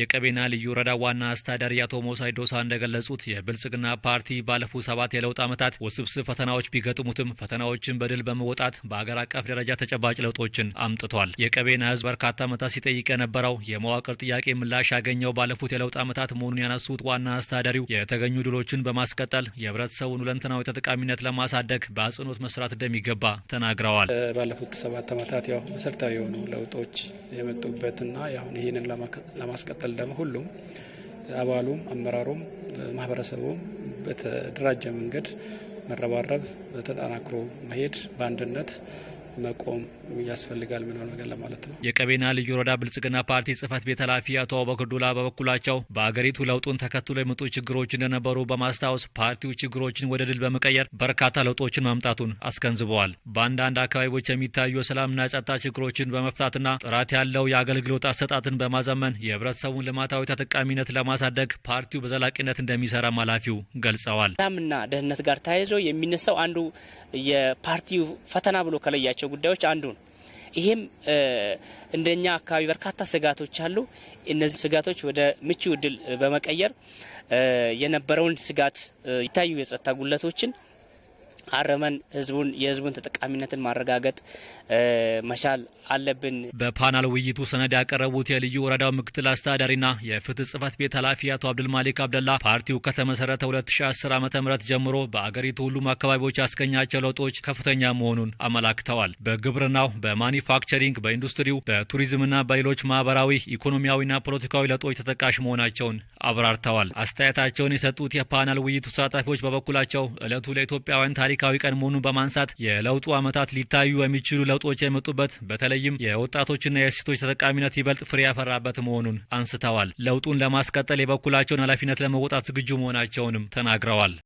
የቀቤና ልዩ ወረዳ ዋና አስተዳዳሪ አቶ ሞሳይ ዶሳ እንደገለጹት የብልጽግና ፓርቲ ባለፉት ሰባት የለውጥ ዓመታት ውስብስብ ፈተናዎች ቢገጥሙትም ፈተናዎችን በድል በመወጣት በአገር አቀፍ ደረጃ ተጨባጭ ለውጦችን አምጥቷል። የቀቤና ህዝብ በርካታ ዓመታት ሲጠይቅ የነበረው የመዋቅር ጥያቄ ምላሽ ያገኘው ባለፉት የለውጥ ዓመታት መሆኑን ያነሱት ዋና አስተዳዳሪው የተገኙ ድሎችን በማስቀጠል የህብረተሰቡን ሁለንተናዊ ተጠቃሚነት ለማሳደግ በአጽንኦት መስራት እንደሚገባ ተናግረዋል። ባለፉት ሰባት ዓመታት ያው መሰረታዊ የሆኑ ለውጦች የመጡበትና ይህንን ለማስቀጠል በመካከል ደግሞ ሁሉም አባሉም፣ አመራሩም፣ ማህበረሰቡም በተደራጀ መንገድ መረባረብ፣ ተጠናክሮ መሄድ በአንድነት መቆም ያስፈልጋል ምነው ነገር ለማለት ነው። የቀቤና ልዩ ወረዳ ብልጽግና ፓርቲ ጽህፈት ቤት ኃላፊ አቶ አቡበከር ዱላ በበኩላቸው በአገሪቱ ለውጡን ተከትሎ የመጡ ችግሮች እንደነበሩ በማስታወስ ፓርቲው ችግሮችን ወደ ድል በመቀየር በርካታ ለውጦችን ማምጣቱን አስገንዝበዋል። በአንዳንድ አካባቢዎች የሚታዩ የሰላምና የጸጥታ ችግሮችን በመፍታትና ጥራት ያለው የአገልግሎት አሰጣትን በማዘመን የህብረተሰቡን ልማታዊ ተጠቃሚነት ለማሳደግ ፓርቲው በዘላቂነት እንደሚሰራም ኃላፊው ገልጸዋል። ሰላምና ደህንነት ጋር ተያይዞ የሚነሳው አንዱ የፓርቲው ፈተና ብሎ ከለያቸው ካላቸው ጉዳዮች አንዱ ነው። ይህም እንደኛ አካባቢ በርካታ ስጋቶች አሉ። እነዚህ ስጋቶች ወደ ምቹ እድል በመቀየር የነበረውን ስጋት ይታዩ የጸጥታ ጉለቶችን አረመን ህዝቡን የህዝቡን ተጠቃሚነትን ማረጋገጥ መቻል አለብን። በፓናል ውይይቱ ሰነድ ያቀረቡት የልዩ ወረዳው ምክትል አስተዳዳሪና የፍትህ ጽህፈት ቤት ኃላፊ አቶ አብዱልማሊክ አብደላ ፓርቲው ከተመሰረተ 2010 ዓ ም ጀምሮ በአገሪቱ ሁሉም አካባቢዎች ያስገኛቸው ለውጦች ከፍተኛ መሆኑን አመላክተዋል። በግብርናው፣ በማኒፋክቸሪንግ፣ በኢንዱስትሪው፣ በቱሪዝምና በሌሎች ማህበራዊ ኢኮኖሚያዊና ፖለቲካዊ ለውጦች ተጠቃሽ መሆናቸውን አብራርተዋል። አስተያየታቸውን የሰጡት የፓናል ውይይቱ ተሳታፊዎች በበኩላቸው እለቱ ለኢትዮጵያውያን ታሪክ ታሪካዊ ቀን መሆኑን በማንሳት የለውጡ ዓመታት ሊታዩ የሚችሉ ለውጦች የመጡበት በተለይም የወጣቶችና የሴቶች ተጠቃሚነት ይበልጥ ፍሬ ያፈራበት መሆኑን አንስተዋል። ለውጡን ለማስቀጠል የበኩላቸውን ኃላፊነት ለመወጣት ዝግጁ መሆናቸውንም ተናግረዋል።